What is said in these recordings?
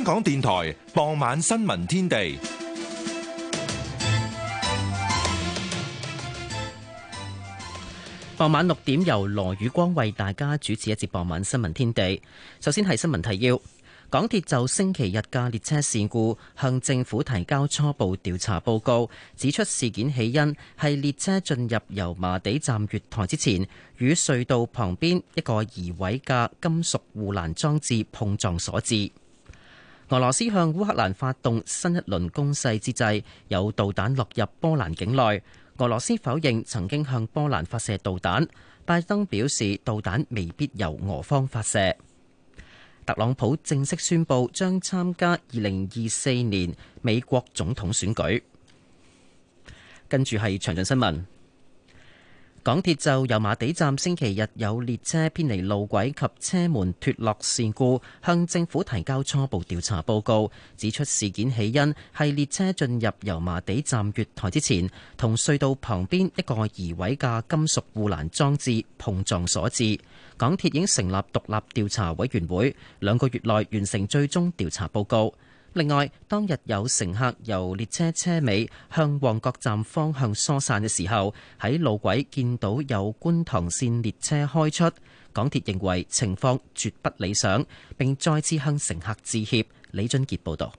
香港電台傍晚新聞天地。傍晚六點，由羅宇光為大家主持一節傍晚新聞天地。首先係新聞提要：港鐵就星期日嘅列車事故向政府提交初步調查報告，指出事件起因係列車進入油麻地站月台之前，與隧道旁邊一個移位嘅金屬護欄裝置碰撞所致。俄羅斯向烏克蘭發動新一輪攻勢之際，有導彈落入波蘭境內。俄羅斯否認曾經向波蘭發射導彈。拜登表示，導彈未必由俄方發射。特朗普正式宣布將參加二零二四年美國總統選舉。跟住係詳盡新聞。港鐵就油麻地站星期日有列車偏離路軌及車門脫落事故，向政府提交初步調查報告，指出事件起因係列車進入油麻地站月台之前，同隧道旁邊一個移位嘅金屬護欄裝置碰撞所致。港鐵已經成立獨立調查委員會，兩個月內完成最終調查報告。另外，當日有乘客由列車車尾向旺角站方向疏散嘅時候，喺路軌見到有觀塘線列車開出。港鐵認為情況絕不理想，並再次向乘客致歉。李俊傑報導。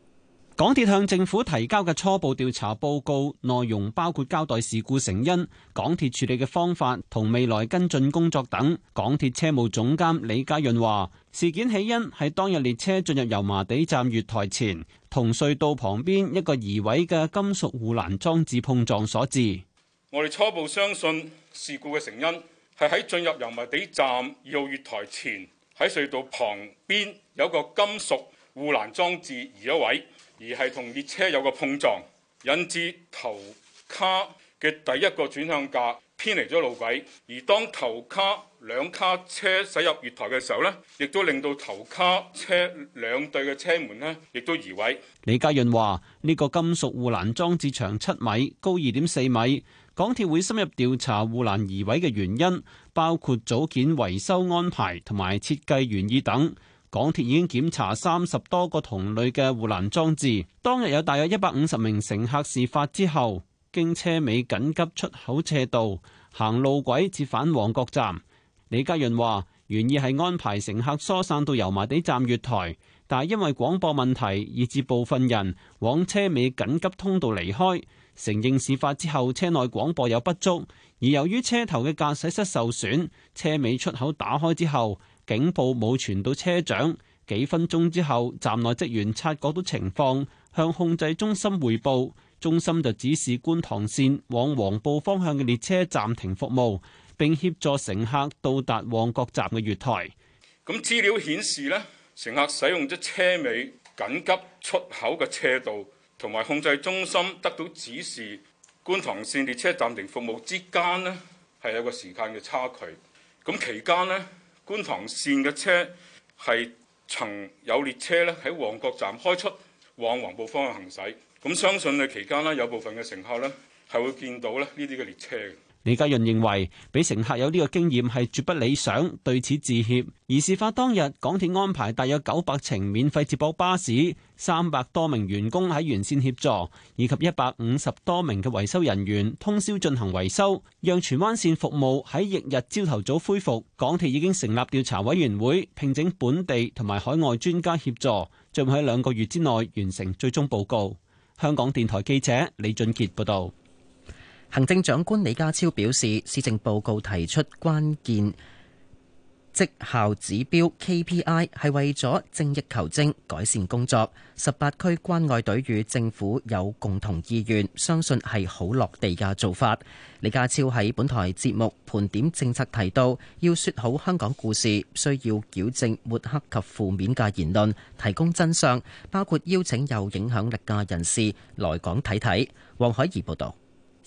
港鐵向政府提交嘅初步調查報告內容包括交代事故成因、港鐵處理嘅方法同未來跟進工作等。港鐵車務總監李家潤話。事件起因喺當日列車進入油麻地站月台前，同隧道旁邊一個移位嘅金屬護欄裝置碰撞所致。我哋初步相信事故嘅成因係喺進入油麻地站右月台前，喺隧道旁邊有個金屬護欄裝置移咗位，而係同列車有個碰撞，引致頭卡嘅第一個轉向架，偏離咗路軌，而當頭卡兩卡車駛入月台嘅時候，呢亦都令到頭卡車兩對嘅車門呢亦都移位。李家潤話，呢個金屬護欄裝置長七米，高二點四米。港鐵會深入調查護欄移位嘅原因，包括組件維修安排同埋設計原意等。港鐵已經檢查三十多個同類嘅護欄裝置。當日有大約一百五十名乘客事發之後，經車尾緊急出口斜道行路軌折返旺角站。李家潤話，原意係安排乘客疏散到油麻地站月台，但係因為廣播問題，以致部分人往車尾緊急通道離開。承認事發之後車內廣播有不足，而由於車頭嘅駕駛室受損，車尾出口打開之後警報冇傳到車長。幾分鐘之後，站內職員察覺到情況，向控制中心匯報。中心就指示觀塘線往黃埔方向嘅列車暫停服務，並協助乘客到達旺角站嘅月台。咁資料顯示呢，乘客使用咗車尾緊急出口嘅車道，同埋控制中心得到指示觀塘線列車暫停服務之間呢，係有個時間嘅差距。咁期間呢，觀塘線嘅車係曾有列車咧喺旺角站開出。往黃埔方向行駛，咁相信呢，期間呢，有部分嘅乘客呢，係會見到呢啲嘅列車。李家潤認為俾乘客有呢個經驗係絕不理想，對此致歉。而事發當日，港鐵安排大約九百程免費接駁巴士，三百多名員工喺沿線協助，以及一百五十多名嘅維修人員通宵進行維修，讓荃灣綫服務喺翌日朝頭早恢復。港鐵已經成立調查委員會，聘請本地同埋海外專家協助，將會喺兩個月之內完成最終報告。香港電台記者李俊傑報道。行政長官李家超表示，施政報告提出關鍵績效指標 KPI，係為咗精益求精，改善工作。十八區關愛隊與政府有共同意願，相信係好落地嘅做法。李家超喺本台節目盤點政策，提到要說好香港故事，需要矯正抹黑及負面嘅言論，提供真相，包括邀請有影響力嘅人士來港睇睇。黃海怡報道。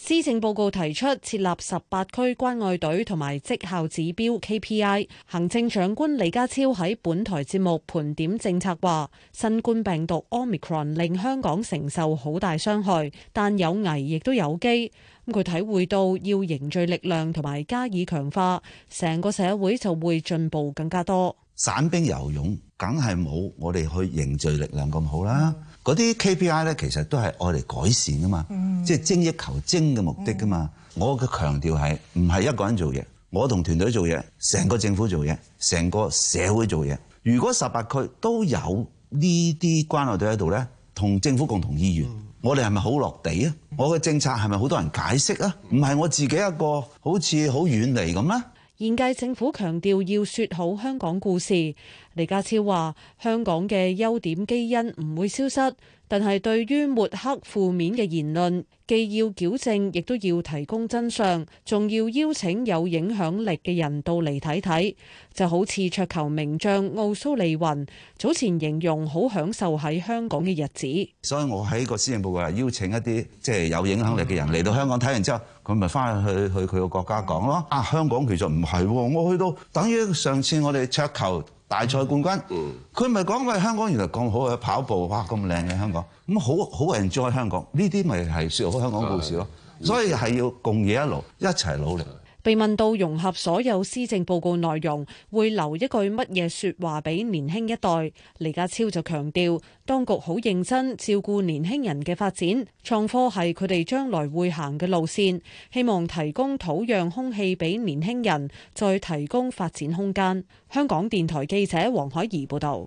施政報告提出設立十八區關愛隊同埋績效指標 KPI。行政長官李家超喺本台節目盤點政策話：新冠病毒 Omicron 令香港承受好大傷害，但有危亦都有機。咁佢體會到要凝聚力量同埋加以強化，成個社會就會進步更加多。散兵游勇梗係冇我哋去凝聚力量咁好啦。嗰啲 KPI 咧，其實都係愛嚟改善噶嘛，嗯、即係精益求精嘅目的噶嘛。嗯、我嘅強調係唔係一個人做嘢，我同團隊做嘢，成個政府做嘢，成個社會做嘢。如果十八區都有呢啲關愛隊喺度咧，同政府共同意願，嗯、我哋係咪好落地啊？我嘅政策係咪好多人解釋啊？唔係，我自己一個好似好遠離咁咧？現屆政府強調要說好香港故事，李家超話香港嘅優點基因唔會消失。但係對於抹黑負面嘅言論，既要矯正，亦都要提供真相，仲要邀請有影響力嘅人到嚟睇睇，就好似桌球名將奧蘇利雲早前形容好享受喺香港嘅日子。所以我喺個施政報告，係邀請一啲即係有影響力嘅人嚟到香港睇完之後，佢咪翻去去佢個國家講咯。啊，香港其實唔係喎，我去到等於上次我哋桌球。大賽冠軍，嗯，佢咪講過香港原來咁好嘅跑步，哇咁靚嘅香港，咁好好 enjoy 香港，呢啲咪係説好香港故事咯，所以係要共嘢一路一齊努力。嗯被問到融合所有施政報告內容，會留一句乜嘢説話俾年輕一代，李家超就強調，當局好認真照顧年輕人嘅發展，創科係佢哋將來會行嘅路線，希望提供土壤空氣俾年輕人，再提供發展空間。香港電台記者黃海怡報導。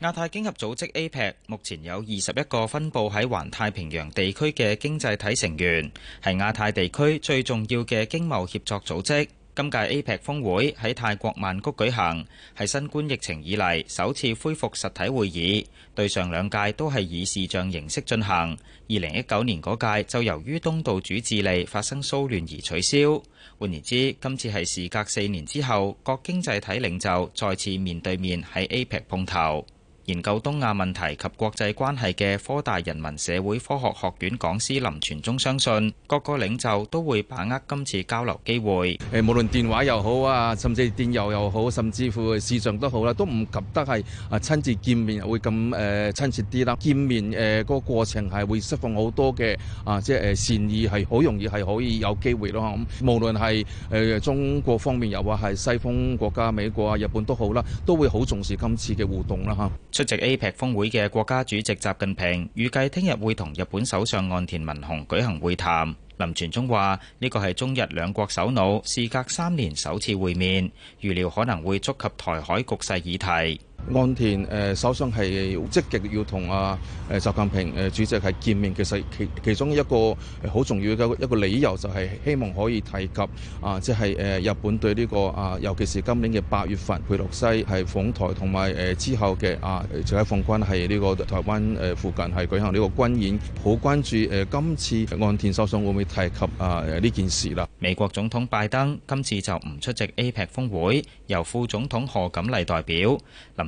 亞太經合組織 APEC 目前有二十一個分佈喺環太平洋地區嘅經濟體成員，係亞太地區最重要嘅經貿協作組織。今屆 APEC 峯會喺泰國曼谷舉行，係新冠疫情以嚟首次恢復實體會議。對上兩屆都係以視像形式進行。二零一九年嗰屆就由於東道主智利發生騷亂而取消。換言之，今次係時隔四年之後，各經濟體領袖再次面對面喺 APEC 碰頭。研究東亞問題及國際關係嘅科大人文社會科學學院講師林傳忠相信，各個領袖都會把握今次交流機會，誒，無論電話又好啊，甚至電郵又好，甚至乎視像都好啦，都唔及得係啊親自見面會咁誒親切啲啦。見面誒個過程係會釋放好多嘅啊，即係誒善意係好容易係可以有機會咯。咁無論係誒中國方面又話係西方國家、美國啊、日本都好啦，都會好重視今次嘅互動啦。吓。出席 APEC 峰會嘅國家主席習近平，預計聽日會同日本首相岸田文雄舉行會談。林傳忠話：呢、這個係中日兩國首腦事隔三年首次會面，預料可能會觸及台海局勢議題。岸田誒首相係積極要同啊誒習近平誒主席係見面，其實其其中一個好重要嘅一個理由就係希望可以提及啊，即係誒日本對呢個啊，尤其是今年嘅八月份佩洛西係訪台，同埋誒之後嘅啊解放軍喺呢個台灣誒附近係舉行呢個軍演，好關注誒今次岸田首相會唔會提及啊呢件事啦。美國總統拜登今次就唔出席 APEC 峯會，由副總統賀錦麗代表。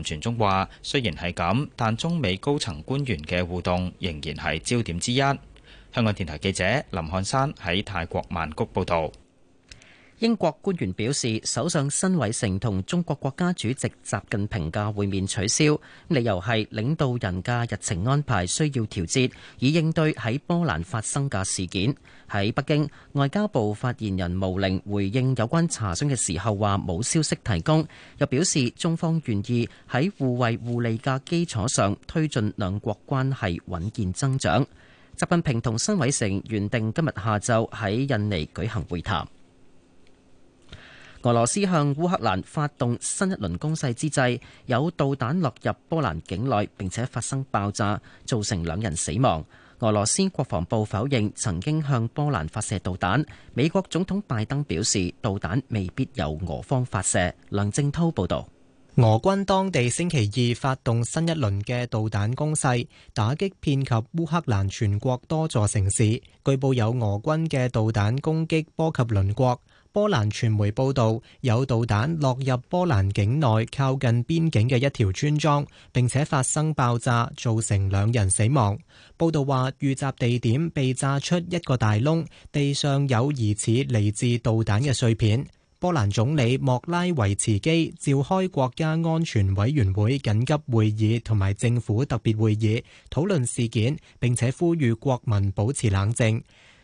傳中話，雖然係咁，但中美高層官員嘅互動仍然係焦點之一。香港電台記者林漢山喺泰國曼谷報道。英國官員表示，首相辛偉誠同中國國家主席習近平嘅會面取消，理由係領導人嘅日程安排需要調節，以應對喺波蘭發生嘅事件。喺北京，外交部發言人毛寧回應有關查詢嘅時候話：冇消息提供，又表示中方願意喺互惠互利嘅基礎上推進兩國關係穩健增長。習近平同辛偉誠原定今日下晝喺印尼舉行會談。俄羅斯向烏克蘭發動新一輪攻勢之際，有導彈落入波蘭境內，並且發生爆炸，造成兩人死亡。俄羅斯國防部否認曾經向波蘭發射導彈。美國總統拜登表示，導彈未必由俄方發射。梁正濤報道。俄軍當地星期二發動新一輪嘅導彈攻勢，打擊遍及烏克蘭全國多座城市。據報有俄軍嘅導彈攻擊波及鄰國波蘭。傳媒報道有導彈落入波蘭境內靠近邊境嘅一條村莊，並且發生爆炸，造成兩人死亡。報道話，遇襲地點被炸出一個大窿，地上有疑似嚟自導彈嘅碎片。波蘭總理莫拉維茨基召開國家安全委員會緊急會議同埋政府特別會議，討論事件，並且呼籲國民保持冷靜。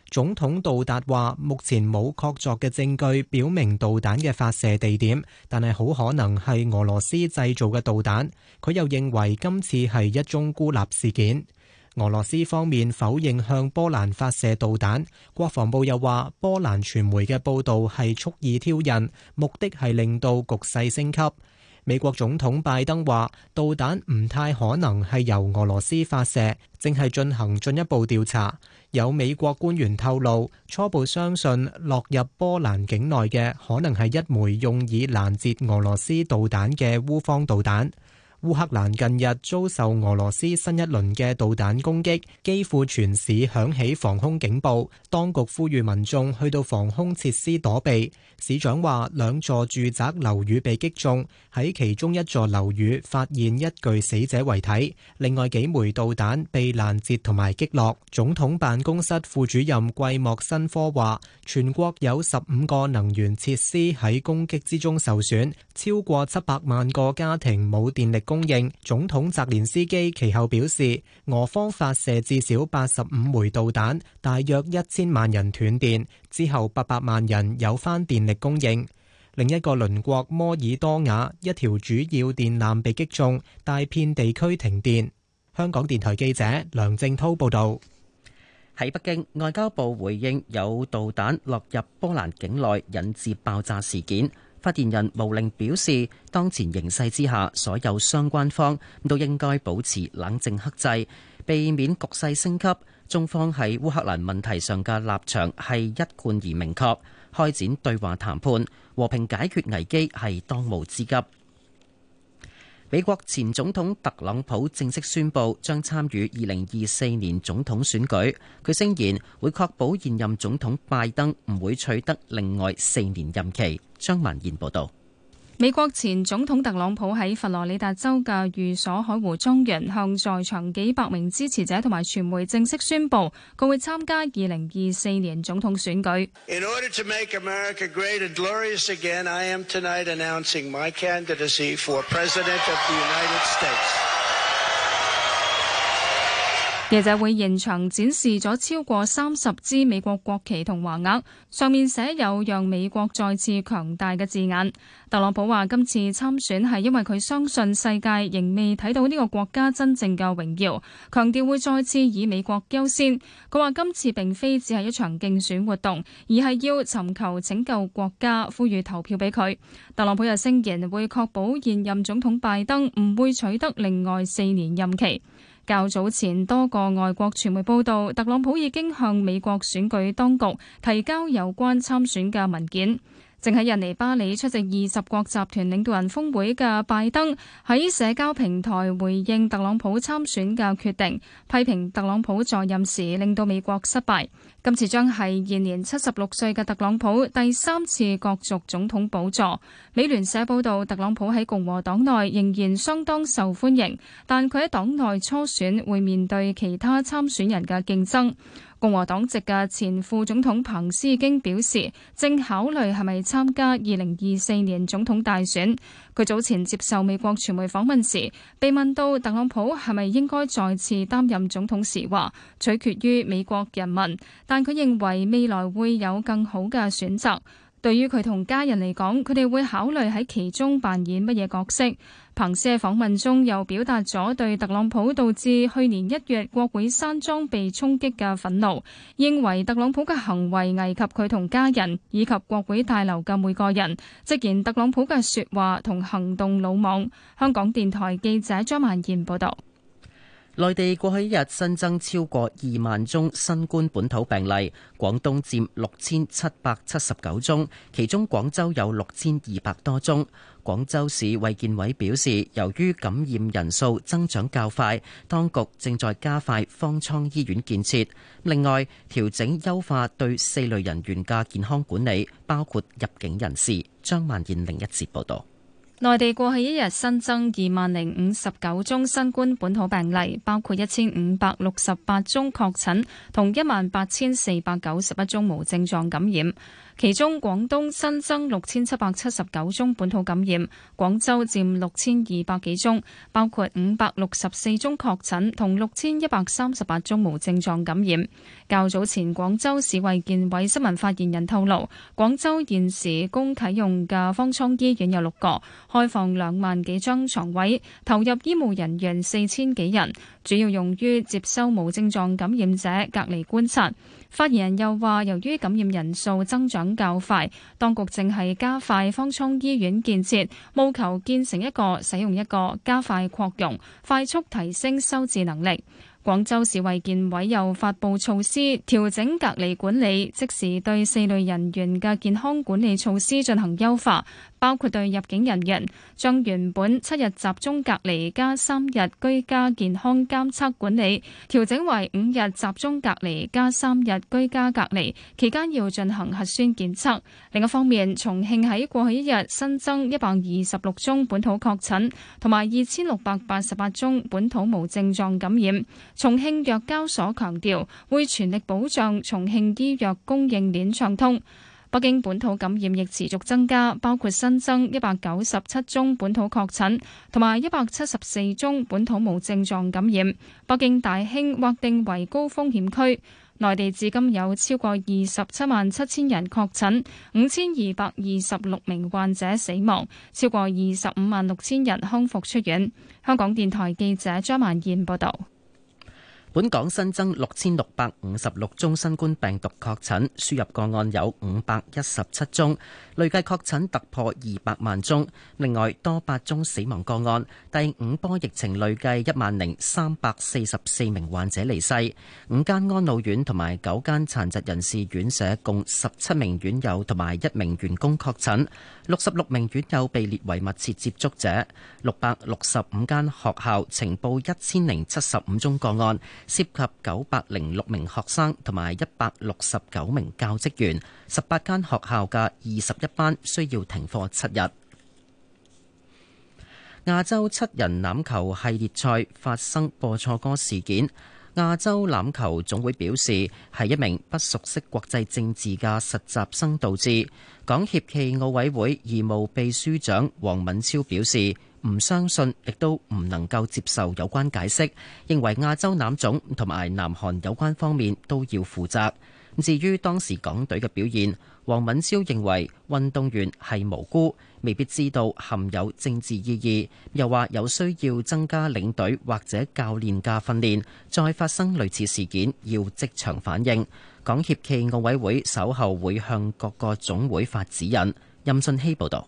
總統杜達話：目前冇確鑿嘅證據表明導彈嘅發射地點，但係好可能係俄羅斯製造嘅導彈。佢又認為今次係一宗孤立事件。俄羅斯方面否認向波蘭發射導彈，國防部又話波蘭傳媒嘅報道係蓄意挑釁，目的係令到局勢升級。美國總統拜登話導彈唔太可能係由俄羅斯發射，正係進行進一步調查。有美國官員透露，初步相信落入波蘭境內嘅可能係一枚用以攔截俄羅斯導彈嘅烏方導彈。烏克蘭近日遭受俄羅斯新一輪嘅導彈攻擊，幾乎全市響起防空警報。當局呼籲民眾去到防空設施躲避。市長話兩座住宅樓宇被擊中，喺其中一座樓宇發現一具死者遺體。另外幾枚導彈被攔截同埋擊落。總統辦公室副主任季莫申科話，全國有十五個能源設施喺攻擊之中受損，超過七百萬個家庭冇電力。供應，總統澤連斯基其後表示，俄方發射至少八十五枚導彈，大約一千萬人斷電，之後八百萬人有翻電力供應。另一個鄰國摩爾多瓦一條主要電纜被擊中，大片地區停電。香港電台記者梁正濤報道。喺北京，外交部回應有導彈落入波蘭境內，引致爆炸事件。發言人毛寧表示，當前形勢之下，所有相關方都應該保持冷靜克制，避免局勢升級。中方喺烏克蘭問題上嘅立場係一貫而明確，開展對話談判，和平解決危機係當務之急。美國前總統特朗普正式宣布將參與二零二四年總統選舉。佢聲言會確保現任總統拜登唔會取得另外四年任期。張文賢報導。美國前總統特朗普喺佛羅里達州嘅寓所海湖莊園，向在場幾百名支持者同埋傳媒正式宣布，佢會參加二零二四年總統選舉。In order to make America great and glorious again, I am tonight announcing my candidacy for President of the United States. 記者會現場展示咗超過三十支美國國旗同華額，上面寫有讓美國再次強大嘅字眼。特朗普話今次參選係因為佢相信世界仍未睇到呢個國家真正嘅榮耀，強調會再次以美國優先。佢話今次並非只係一場競選活動，而係要尋求拯救國家，呼籲投票俾佢。特朗普又聲言，會確保現任總統拜登唔會取得另外四年任期。較早前多個外國傳媒報道，特朗普已經向美國選舉當局提交有關參選嘅文件。淨喺印尼巴里出席二十國集團領導人峰會嘅拜登喺社交平台回應特朗普參選嘅決定，批評特朗普在任時令到美國失敗。今次將係現年七十六歲嘅特朗普第三次角逐總統寶座。美聯社報道，特朗普喺共和黨內仍然相當受歡迎，但佢喺黨內初選會面對其他參選人嘅競爭。共和黨籍嘅前副總統彭斯已經表示，正考慮係咪參加二零二四年總統大選。佢早前接受美國傳媒訪問時，被問到特朗普係咪應該再次擔任總統時，話取決於美國人民，但佢認為未來會有更好嘅選擇。對於佢同家人嚟講，佢哋會考慮喺其中扮演乜嘢角色。彭斯喺訪問中又表達咗對特朗普導致去年一月國會山莊被衝擊嘅憤怒，認為特朗普嘅行為危及佢同家人以及國會大樓嘅每個人，直言特朗普嘅說話同行動魯莽。香港電台記者張曼賢報道。內地過去一日新增超過二萬宗新冠本土病例，廣東佔六千七百七十九宗，其中廣州有六千二百多宗。廣州市衛健委表示，由於感染人數增長較快，當局正在加快方艙醫院建設，另外調整優化對四類人員嘅健康管理，包括入境人士。張萬賢另一節報導。內地過去一日新增二萬零五十九宗新冠本土病例，包括一千五百六十八宗確診，同一萬八千四百九十一宗無症狀感染。其中廣東新增六千七百七十九宗本土感染，廣州佔六千二百幾宗，包括五百六十四宗確診同六千一百三十八宗無症狀感染。較早前，廣州市衛健委新聞發言人透露，廣州現時供啟用嘅方艙醫院有六個。開放兩萬幾張床位，投入醫務人員四千幾人，主要用於接收無症狀感染者隔離觀察。發言人又話，由於感染人數增長較快，當局正係加快方艙醫院建設，務求建成一個使用一個，加快擴容，快速提升收治能力。廣州市衛健委又發佈措施，調整隔離管理，即時對四類人員嘅健康管理措施進行優化，包括對入境人員，將原本七日集中隔離加三日居家健康監測管理，調整為五日集中隔離加三日居家隔離，期間要進行核酸檢測。另一方面，重慶喺過去一日新增一百二十六宗本土確診，同埋二千六百八十八宗本土無症狀感染。重慶藥交所強調會全力保障重慶醫藥供應鏈暢通。北京本土感染亦持續增加，包括新增一百九十七宗本土確診，同埋一百七十四宗本土無症狀感染。北京大興劃定為高風險區。內地至今有超過二十七萬七千人確診，五千二百二十六名患者死亡，超過二十五萬六千人康復出院。香港電台記者張萬燕報道。本港新增六千六百五十六宗新冠病毒確診，輸入個案有五百一十七宗，累計確診突破二百萬宗。另外多八宗死亡個案，第五波疫情累計一萬零三百四十四名患者離世。五間安老院同埋九間殘疾人士院舍共十七名院友同埋一名員工確診，六十六名院友被列為密切接觸者。六百六十五間學校呈報一千零七十五宗個案。涉及九百零六名學生同埋一百六十九名教職員，十八間學校嘅二十一班需要停課七日。亞洲七人欖球系列賽發生播錯歌事件，亞洲欖球總會表示係一名不熟悉國際政治嘅實習生導致。港協暨奧委會義務秘書長黃敏超表示。唔相信，亦都唔能夠接受有關解釋，認為亞洲欖總同埋南韓有關方面都要負責。至於當時港隊嘅表現，黃敏超認為運動員係無辜，未必知道含有政治意義，又話有需要增加領隊或者教練嘅訓練，再發生類似事件，要即場反應。港協暨奧委會稍後會向各個總會發指引。任信希報道。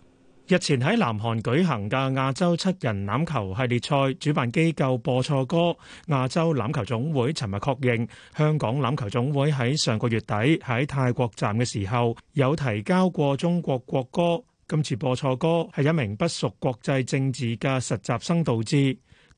日前喺南韓舉行嘅亞洲七人欖球系列賽主辦機構播錯歌，亞洲欖球總會尋日確認，香港欖球總會喺上個月底喺泰國站嘅時候有提交過中國國歌，今次播錯歌係一名不熟國際政治嘅實習生導致。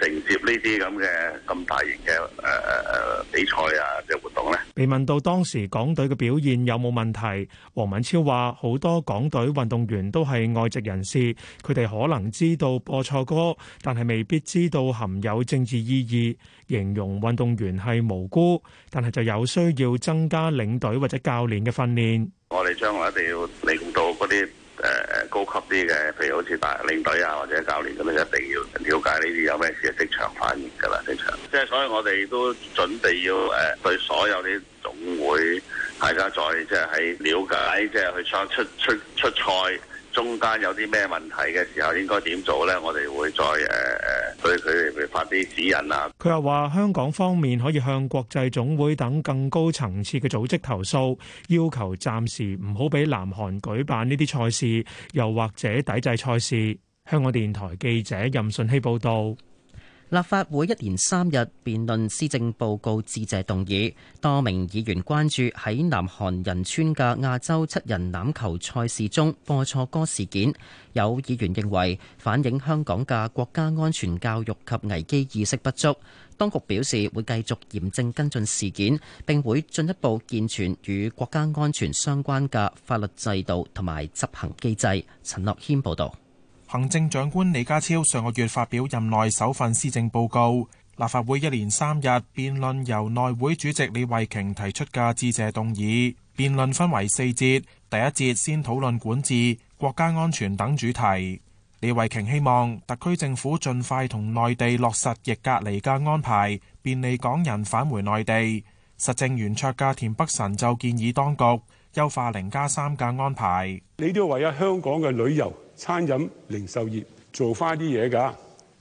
承接呢啲咁嘅咁大型嘅誒比賽啊嘅活動咧，被問到當時港隊嘅表現有冇問題，黃敏超話好多港隊運動員都係外籍人士，佢哋可能知道播錯歌，但係未必知道含有政治意義，形容運動員係無辜，但係就有需要增加領隊或者教練嘅訓練。我哋將來一定要領導嗰啲。誒、呃、高級啲嘅，譬如好似大領隊啊，或者教練咁樣，一定要了解呢啲有咩事嘅即場反應㗎啦，即場。即係所以，我哋都準備要誒、呃、對所有啲總會，大家再即係喺瞭解，即係去想出出出，出賽。中間有啲咩問題嘅時候，應該點做呢？我哋會再誒誒、呃呃、對佢哋發啲指引啊。佢又話香港方面可以向國際總會等更高層次嘅組織投訴，要求暫時唔好俾南韓舉辦呢啲賽事，又或者抵制賽事。香港電台記者任信希報道。立法會一連三日辯論施政報告致謝動議，多名議員關注喺南韓仁川嘅亞洲七人欖球賽事中播錯歌事件，有議員認為反映香港嘅國家安全教育及危機意識不足。當局表示會繼續嚴正跟進事件，並會進一步健全與國家安全相關嘅法律制度同埋執行機制。陳樂軒報導。行政長官李家超上個月發表任內首份施政報告，立法會一連三日辯論由內會主席李慧瓊提出嘅致謝動議。辯論分為四節，第一節先討論管治、國家安全等主題。李慧瓊希望特區政府盡快同內地落實逆隔離嘅安排，便利港人返回內地。實政圓桌嘅田北辰就建議當局優化零加三嘅安排。你都要為咗香港嘅旅遊。餐飲零售業做翻啲嘢㗎，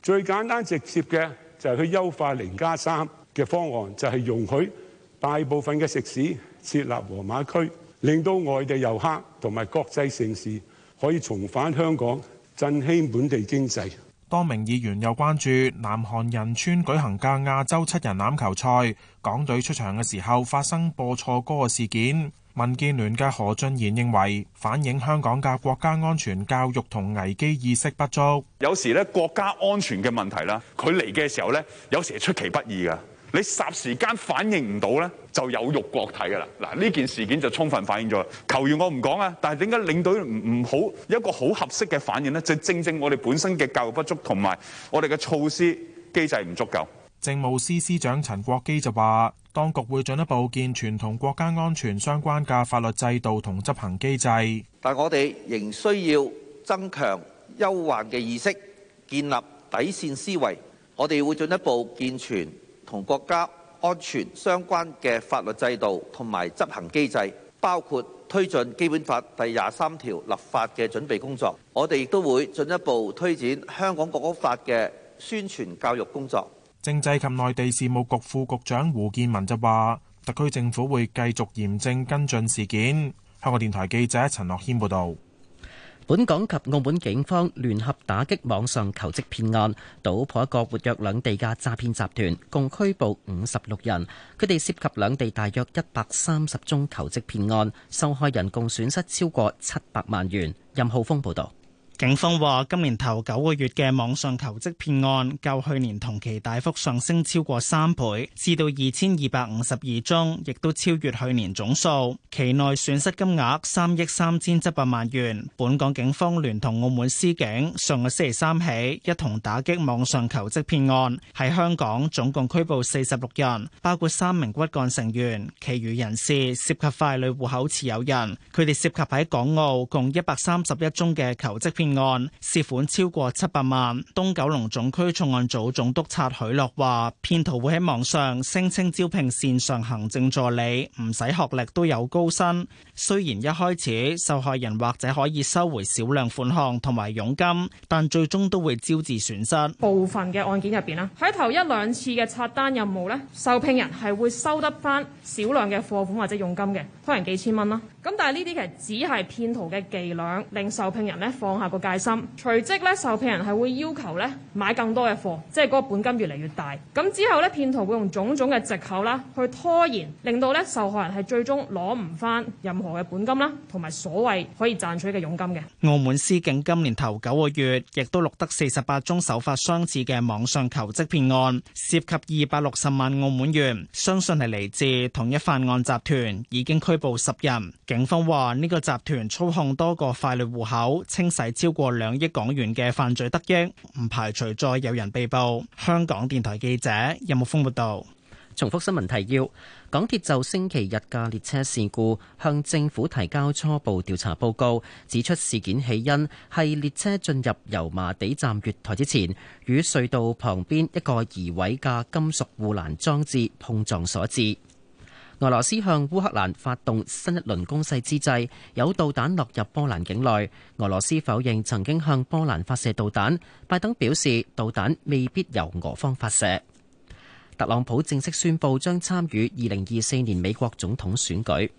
最簡單直接嘅就係去優化零加三嘅方案，就係容許大部分嘅食肆設立黃碼區，令到外地遊客同埋國際城市可以重返香港，振興本地經濟。多名議員又關注南韓仁川舉行嘅亞洲七人欖球賽，港隊出場嘅時候發生播錯歌嘅事件。民建聯嘅何俊賢認為，反映香港嘅國家安全教育同危機意識不足。有時咧國家安全嘅問題啦，佢嚟嘅時候咧，有時係出其不意噶，你霎時間反應唔到咧，就有辱國體噶啦。嗱，呢件事件就充分反映咗。球員我唔講啊，但係點解領隊唔唔好一個好合適嘅反應咧？就正正我哋本身嘅教育不足，同埋我哋嘅措施機制唔足夠。政務司司，司長陳國基就話。當局會進一步健全同國家安全相關嘅法律制度同執行機制，但我哋仍需要增強憂患嘅意識，建立底線思維。我哋會進一步健全同國家安全相關嘅法律制度同埋執行機制，包括推進基本法第廿三條立法嘅準備工作。我哋亦都會進一步推展香港國安法嘅宣傳教育工作。政制及內地事務局副局長胡建文就話，特區政府會繼續嚴正跟進事件。香港電台記者陳樂謙報道。本港及澳門警方聯合打擊網上求職騙案，搗破一個活躍兩地嘅詐騙集團，共拘捕五十六人。佢哋涉及兩地大約一百三十宗求職騙案，受害人共損失超過七百萬元。任浩峰報道。警方話，今年頭九個月嘅網上求職騙案較去年同期大幅上升超過三倍，至到二千二百五十二宗，亦都超越去年總數。期內損失金額三億三千七百萬元。本港警方聯同澳門司警上個星期三起，一同打擊網上求職騙案，喺香港總共拘捕四十六人，包括三名骨幹成員，其餘人士涉及傀儡戶口持有人。佢哋涉及喺港澳共一百三十一宗嘅求職騙案。案涉款超過七百萬，東九龍總區重案組總督察許樂話：騙徒會喺網上聲稱招聘線上行政助理，唔使學歷都有高薪。雖然一開始受害人或者可以收回少量款項同埋佣金，但最終都會招致損失。部分嘅案件入邊啦，喺頭一兩次嘅刷單任務咧，受聘人係會收得翻少量嘅貨款或者佣金嘅，可能幾千蚊啦。咁但係呢啲其實只係騙徒嘅伎倆，令受聘人咧放下戒心，隨即咧受騙人係會要求咧買更多嘅貨，即係嗰個本金越嚟越大。咁之後咧，騙徒會用種種嘅藉口啦，去拖延，令到咧受害人係最終攞唔翻任何嘅本金啦，同埋所謂可以賺取嘅佣金嘅。澳門司警今年頭九個月亦都錄得四十八宗手法相似嘅網上求職騙案，涉及二百六十萬澳門元，相信係嚟自同一犯案集團，已經拘捕十人。警方話呢個集團操控多個傀儡戶口清洗超超過兩億港元嘅犯罪得益，唔排除再有人被捕。香港電台記者任木峰報道。重複新聞提要：港鐵就星期日嘅列車事故向政府提交初步調查報告，指出事件起因係列車進入油麻地站月台之前，與隧道旁邊一個移位嘅金屬護欄裝置碰撞所致。俄羅斯向烏克蘭發動新一輪攻勢之際，有導彈落入波蘭境內。俄羅斯否認曾經向波蘭發射導彈。拜登表示，導彈未必由俄方發射。特朗普正式宣布將參與二零二四年美國總統選舉。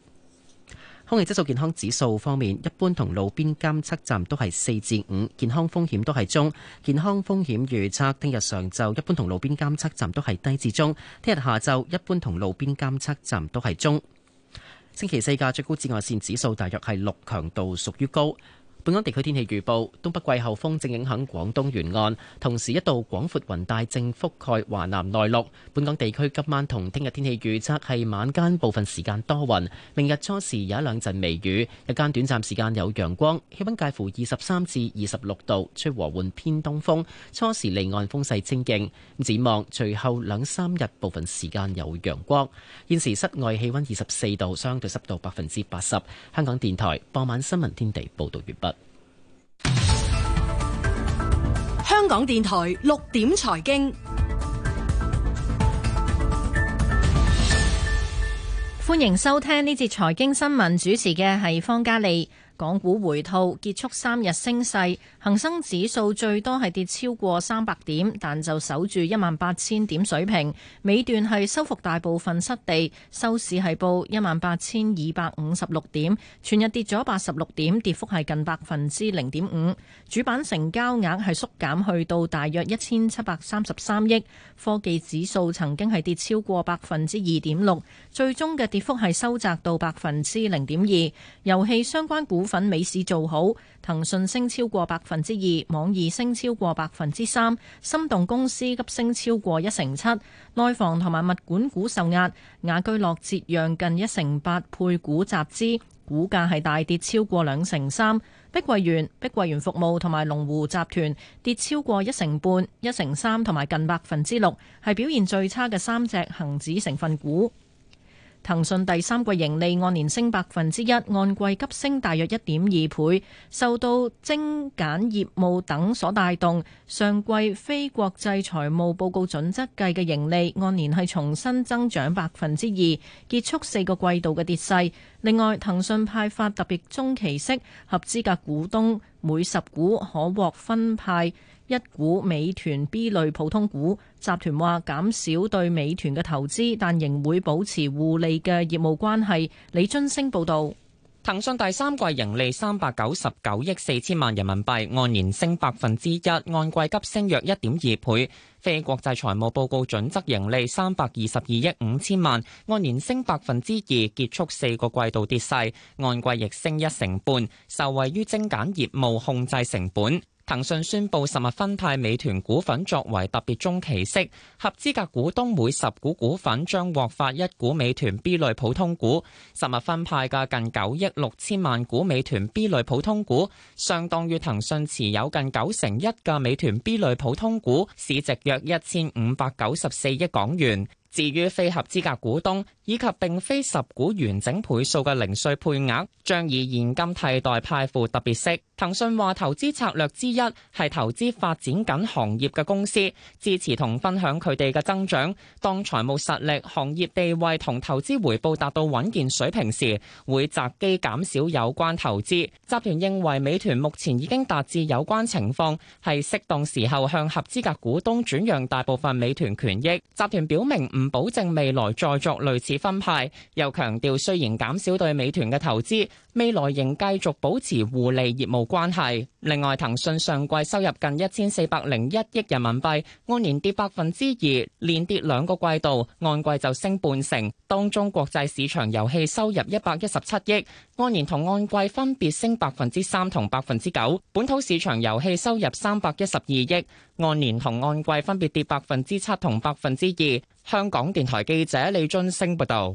空氣質素健康指數方面，一般同路邊監測站都係四至五，健康風險都係中。健康風險預測，聽日上晝一般同路邊監測站都係低至中，聽日下晝一般同路邊監測站都係中。星期四嘅最高紫外線指數大約係六，強度屬於高。本港地區天氣預報，東北季候風正影響廣東沿岸，同時一道廣闊雲帶正覆蓋華南內陸，本港地區今晚同聽日天氣預測係晚間部分時間多雲，明日初時有一兩陣微雨，日間短暫時間有陽光，氣溫介乎二十三至二十六度，吹和緩偏東風，初時離岸風勢清勁，展望隨後兩三日部分時間有陽光。現時室外氣溫二十四度，相對濕度百分之八十。香港電台傍晚新聞天地報道完畢。香港電台六點財經，歡迎收聽呢節財經新聞，主持嘅係方嘉利。港股回吐，結束三日升勢，恒生指數最多係跌超過三百點，但就守住一萬八千點水平。尾段係收復大部分失地，收市係報一萬八千二百五十六點，全日跌咗八十六點，跌幅係近百分之零點五。主板成交額係縮減去到大約一千七百三十三億。科技指數曾經係跌超過百分之二點六，最終嘅跌幅係收窄到百分之零點二。遊戲相關股，跟美市做好，騰訊升超過百分之二，網易升超過百分之三，心動公司急升超過一成七，內房同埋物管股受壓，雅居樂折讓近一成八配股集資，股價係大跌超過兩成三，碧桂園、碧桂園服務同埋龍湖集團跌超過一成半、一成三同埋近百分之六，係表現最差嘅三隻恒指成分股。騰訊第三季盈利按年升百分之一，按季急升大約一點二倍，受到精簡業務等所帶動。上季非國際財務報告準則計嘅盈利按年係重新增長百分之二，結束四個季度嘅跌勢。另外，騰訊派發特別中期息，合資格股東每十股可獲分派一股美團 B 類普通股。集團話減少對美團嘅投資，但仍會保持互利嘅業務關係，李津升報道。騰訊第三季盈利三百九十九億四千萬人民幣按年升百分之一，按季急升約一點二倍。非國際財務報告準則盈利三百二十二億五千萬按年升百分之二，結束四個季度跌勢，按季逆升一成半，受惠於精簡業務控制成本。騰訊宣布實物分派美團股份作為特別中期息，合資格股東每十股股份將獲發一股美團 B 類普通股。實物分派嘅近九億六千萬股美團 B 類普通股，相當於騰訊持有近九成一嘅美團 B 類普通股，市值約一千五百九十四億港元。至於非合資格股東以及並非十股完整倍數嘅零碎配額，將以現金替代派付特別息。騰訊話，投資策略之一係投資發展緊行業嘅公司，支持同分享佢哋嘅增長。當財務實力、行業地位同投資回報達到穩健水平時，會擇機減少有關投資。集團認為，美團目前已經達至有關情況，係適當時候向合資格股東轉讓大部分美團權益。集團表明唔保證未來再作類似分派，又強調雖然減少對美團嘅投資，未來仍繼續保持互利業務關係。另外，騰訊上季收入近一千四百零一億人民幣，按年跌百分之二，連跌兩個季度，按季就升半成。當中國際市場遊戲收入一百一十七億，按年同按季分別升百分之三同百分之九。本土市場遊戲收入三百一十二億，按年同按季分別跌百分之七同百分之二。香港電台記者李津升報道。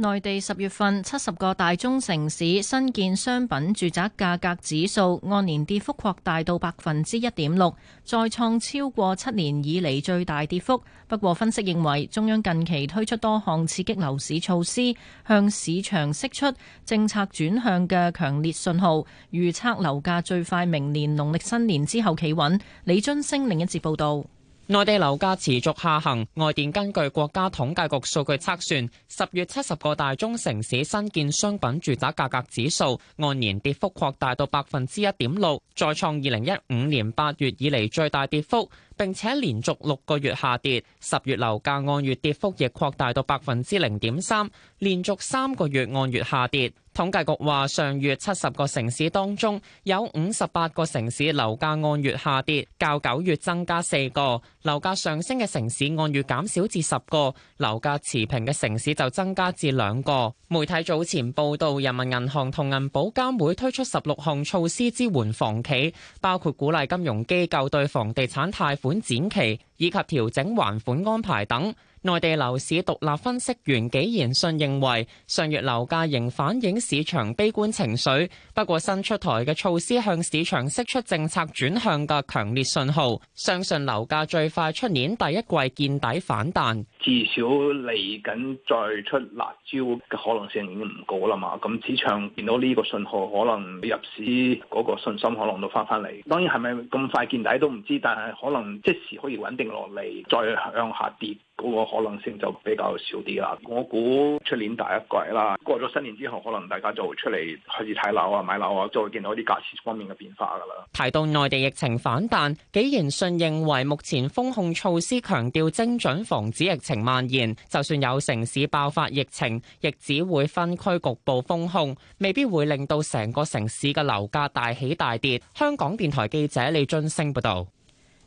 內地十月份七十個大中城市新建商品住宅價格指數按年跌幅擴大到百分之一點六，再創超過七年以嚟最大跌幅。不過，分析認為，中央近期推出多項刺激樓市措施，向市場釋出政策轉向嘅強烈信號，預測樓價最快明年農曆新年之後企穩。李津星另一節報道。內地樓價持續下行，外電根據國家統計局數據測算，十月七十個大中城市新建商品住宅價格指數按年跌幅擴大到百分之一點六，再創二零一五年八月以來最大跌幅。並且連續六個月下跌，十月樓價按月跌幅亦擴大到百分之零點三，連續三個月按月下跌。統計局話，上月七十個城市當中有五十八個城市樓價按月下跌，較九月增加四個；樓價上升嘅城市按月減少至十個，樓價持平嘅城市就增加至兩個。媒體早前報道，人民銀行同銀保監會推出十六項措施支援房企，包括鼓勵金融機構對房地產貸款展期以及調整還款安排等。內地樓市獨立分析員紀延信認為，上月樓價仍反映市場悲觀情緒，不過新出台嘅措施向市場釋出政策轉向嘅強烈信號，相信樓價最快出年第一季見底反彈。至少嚟緊再出辣椒嘅可能性已經唔高啦嘛，咁市場見到呢個信號，可能入市嗰個信心可能都翻翻嚟。當然係咪咁快見底都唔知，但係可能即時可以穩定落嚟，再向下跌。嗰個可能性就比較少啲啦。我估出年第一季啦，過咗新年之後，可能大家就會出嚟開始睇樓啊、買樓啊，就會見到啲價錢方面嘅變化噶啦。提到內地疫情反彈，紀賢信認為目前封控措施強調精準防止疫情蔓延，就算有城市爆發疫情，亦只會分區局部封控，未必會令到成個城市嘅樓價大起大跌。香港電台記者李俊升報導。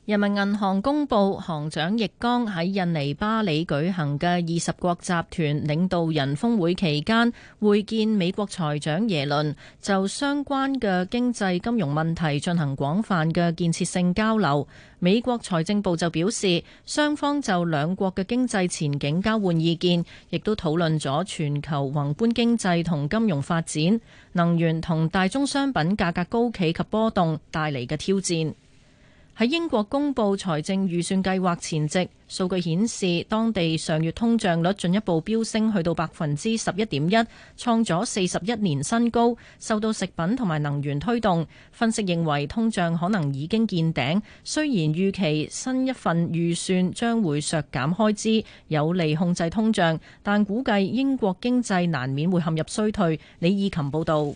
人民銀行公布，行長易綱喺印尼巴里舉行嘅二十國集團領導人峰會期間會見美國財長耶倫，就相關嘅經濟金融問題進行廣泛嘅建設性交流。美國財政部就表示，雙方就兩國嘅經濟前景交換意見，亦都討論咗全球宏觀經濟同金融發展、能源同大宗商品價格高企及波動帶嚟嘅挑戰。喺英國公布財政預算計劃前夕，數據顯示當地上月通脹率進一步飆升，去到百分之十一點一，創咗四十一年新高。受到食品同埋能源推動，分析認為通脹可能已經見頂。雖然預期新一份預算將會削減開支，有利控制通脹，但估計英國經濟難免會陷入衰退。李意琴報導。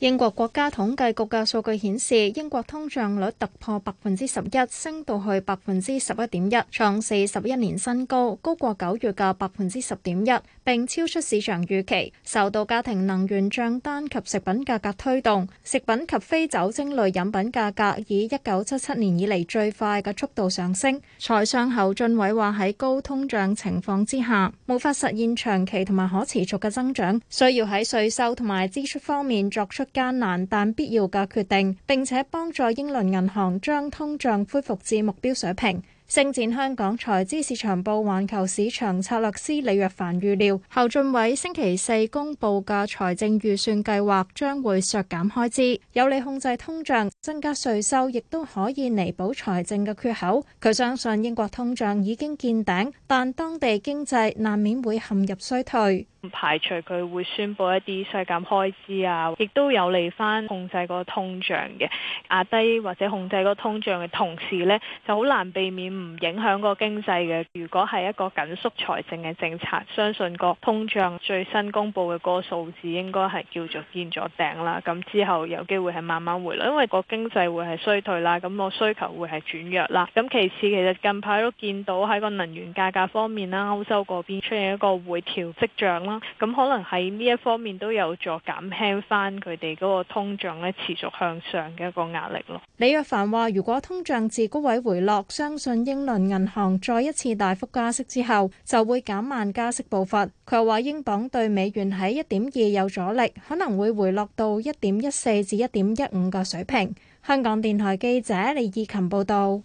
英國國家統計局嘅數據顯示，英國通脹率突破百分之十一，升到去百分之十一點一，創四十一年新高，高過九月嘅百分之十點一，並超出市場預期。受到家庭能源賬單及食品價格推動，食品及非酒精類飲品價格以一九七七年以嚟最快嘅速度上升。財相侯俊偉話，喺高通脹情況之下，無法實現長期同埋可持續嘅增長，需要喺稅收同埋支出方面作出艱難但必要嘅決定，並且幫助英倫銀行將通脹恢復至目標水平。正展香港財資市場部環球市場策略師李若凡預料，侯俊偉星期四公布嘅財政預算計劃將會削減開支，有利控制通脹、增加稅收，亦都可以彌補財政嘅缺口。佢相信英國通脹已經見頂，但當地經濟難免會陷入衰退。排除佢會宣布一啲削減開支啊，亦都有利翻控制個通脹嘅壓低或者控制個通脹嘅同時呢，就好難避免。唔影響個經濟嘅，如果係一個緊縮財政嘅政策，相信個通脹最新公布嘅嗰個數字應該係叫做見咗頂啦。咁之後有機會係慢慢回落，因為個經濟會係衰退啦，咁個需求會係轉弱啦。咁其次，其實近排都見到喺個能源價格方面啦，歐洲嗰邊出現一個回調跡象啦，咁可能喺呢一方面都有助減輕翻佢哋嗰個通脹咧持續向上嘅一個壓力咯。李若凡話，如果通脹至高位回落，相信。英倫銀行再一次大幅加息之後，就會減慢加息步伐。佢話英鎊對美元喺一點二有阻力，可能會回落到一點一四至一點一五個水平。香港電台記者李義勤報道。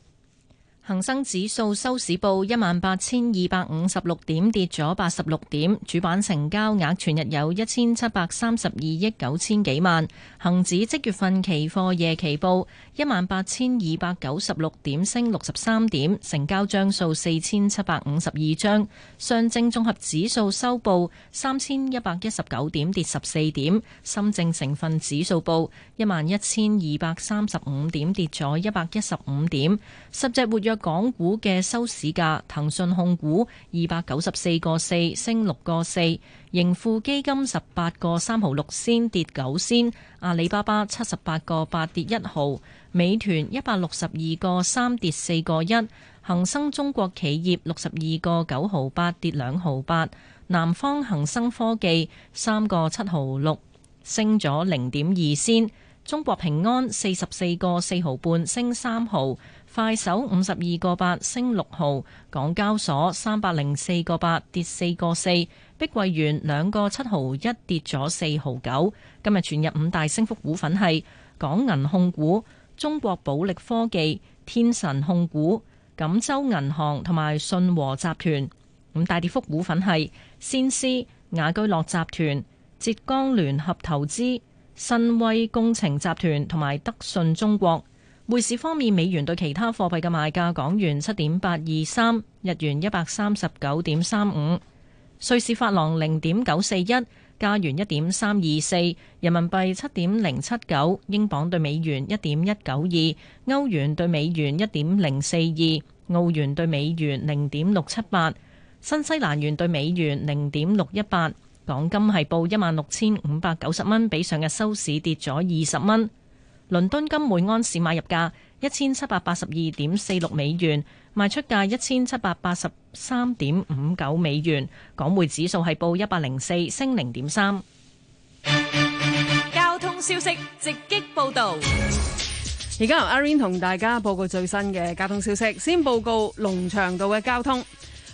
恒生指數收市報一萬八千二百五十六點，跌咗八十六點。主板成交額全日有一千七百三十二億九千幾萬。恒指即月份期貨夜期報。一萬八千二百九十六點，升六十三點，成交張數四千七百五十二張。上證綜合指數收報三千一百一十九點，跌十四點。深證成分指數報一萬一千二百三十五點，跌咗一百一十五點。十隻活躍港股嘅收市價，騰訊控股二百九十四個四，升六個四。盈富基金十八個三毫六仙跌九仙，阿里巴巴七十八個八跌一毫，美團一百六十二個三跌四個一，恒生中國企業六十二個九毫八跌兩毫八，南方恒生科技三個七毫六升咗零點二仙，中國平安四十四個四毫半升三毫，快手五十二個八升六毫，港交所三百零四個八跌四個四。碧桂園兩個七毫一跌咗四毫九。今日全日五大升幅股份係港銀控股、中國保力科技、天神控股、錦州銀行同埋信和集團。五大跌幅股份係先施、雅居樂集團、浙江聯合投資、新威工程集團同埋德信中國。匯市方面，美元對其他貨幣嘅賣價：港元七點八二三，日元一百三十九點三五。瑞士法郎零點九四一，加元一點三二四，人民幣七點零七九，英鎊對美元一點一九二，歐元對美元一點零四二，澳元對美元零點六七八，新西蘭元對美元零點六一八。港金係報一萬六千五百九十蚊，比上日收市跌咗二十蚊。倫敦金每安士買入價一千七百八十二點四六美元。賣出價一千七百八十三點五九美元，港匯指數係報一百零四，升零點三。交通消息直擊報道，而家由阿 Rain 同大家報告最新嘅交通消息。先報告龍翔道嘅交通。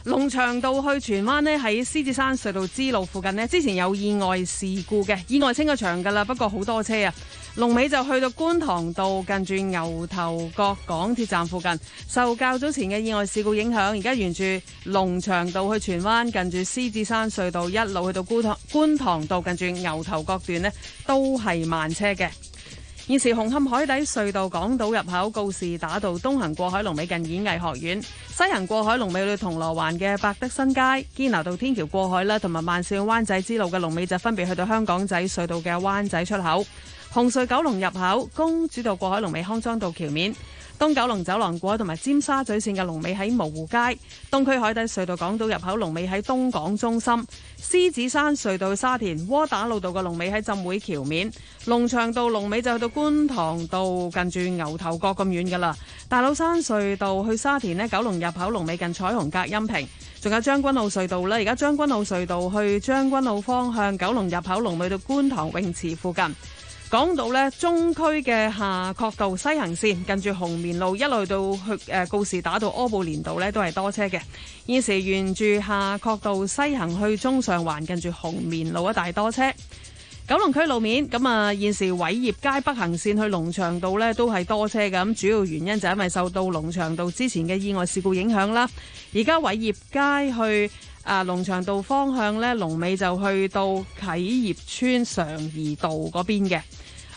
龍翔道去荃灣呢，喺獅子山隧道支路附近呢，之前有意外事故嘅，意外清咗場噶啦，不過好多車啊。龍尾就去到觀塘道，近住牛頭角港鐵站附近，受較早前嘅意外事故影響，而家沿住龍翔道去荃灣，近住獅子山隧道一路去到觀塘觀塘道，近住牛頭角段呢，都係慢車嘅。現時紅磡海底隧道港島入口告士打道東行過海龍尾近演藝學院，西行過海龍尾去到銅鑼灣嘅百德新街堅拿道天橋過海啦，同埋慢線灣仔之路嘅龍尾就分別去到香港仔隧道嘅灣仔出口，紅隧九龍入口公主道過海龍尾康莊道橋面。東九龍走廊過，同埋尖沙咀線嘅龍尾喺蕪湖街；東區海底隧道港島入口龍尾喺東港中心；獅子山隧道沙田窩打老道嘅龍尾喺浸會橋面；龍翔道龍尾就去到觀塘道近住牛頭角咁遠噶啦；大老山隧道去沙田呢九龍入口龍尾近彩虹隔音屏；仲有將軍澳隧道咧，而家將軍澳隧道去將軍澳方向九龍入口龍尾到觀塘泳池附近。講到咧，中區嘅夏慤道西行線，近住紅棉路一路到去誒、呃、告士打道柯布連道咧，都係多車嘅。現時沿住夏慤道西行去中上環，近住紅棉路一大多車。九龍區路面咁啊，現時偉業街北行線去農場道咧都係多車，咁主要原因就係因為受到農場道之前嘅意外事故影響啦。而家偉業街去啊農場道方向咧，龍尾就去到啟業村常怡道嗰邊嘅。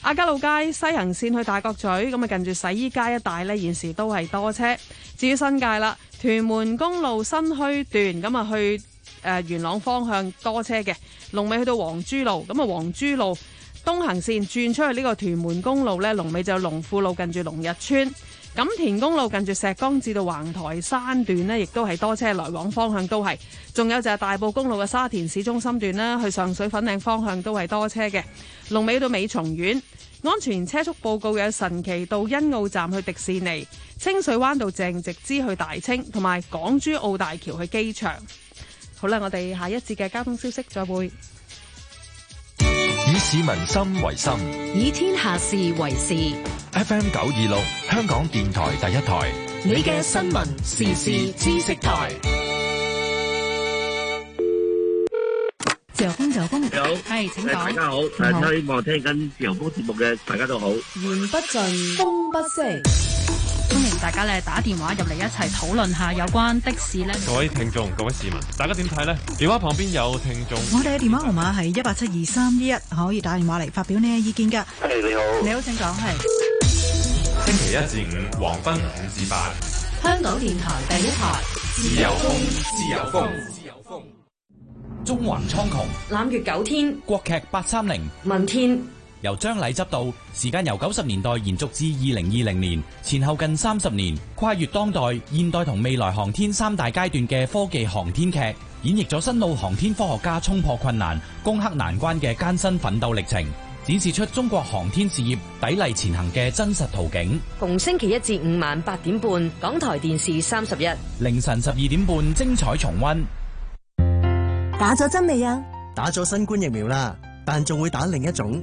亞皆老街西行線去大角咀咁啊，近住洗衣街一帶咧，現時都係多車。至於新界啦，屯門公路新墟段咁啊，去誒元朗方向多車嘅龍尾去到黃珠路，咁啊黃珠路東行線轉出去呢個屯門公路咧，龍尾就有龍富路近住龍日村。錦田公路近住石崗至到橫台山段呢，亦都係多車，來往方向都係，仲有就係大埔公路嘅沙田市中心段啦，去上水粉嶺方向都係多車嘅。龍尾到美松苑，安全車速報告有神奇到欣澳站去迪士尼，清水灣到鄭植之去大清，同埋港珠澳大橋去機場。好啦，我哋下一節嘅交通消息再會。以市民心為心，以天下事為事。FM 九二六，香港電台第一台，你嘅新聞、時事、知識台。自由風，自由風。你好，係，請講。大家好，大家希望聽緊自由風節目嘅大家都好。言不盡，風不息。大家咧打電話入嚟一齊討論下有關的士咧。各位聽眾、各位市民，大家點睇咧？電話旁邊有聽眾。我哋嘅電話號碼係一八七二三一一，可以打電話嚟發表你嘅意見噶。你好。你好，請講。係星期一至五黃昏五至八。香港電台第一台，自由風，自由風，自由風。自由風中環蒼穹，攬月九天，國劇八三零，問天。由張禮執導，時間由九十年代延續至二零二零年，前後近三十年，跨越當代、現代同未來航天三大階段嘅科技航天劇，演繹咗新老航天科學家衝破困難、攻克難關嘅艱辛奮鬥歷程，展示出中國航天事業砥礪前行嘅真實圖景。逢星期一至五晚八點半，港台電視三十一，凌晨十二點半精彩重溫。打咗針未啊？打咗新冠疫苗啦，但仲會打另一種。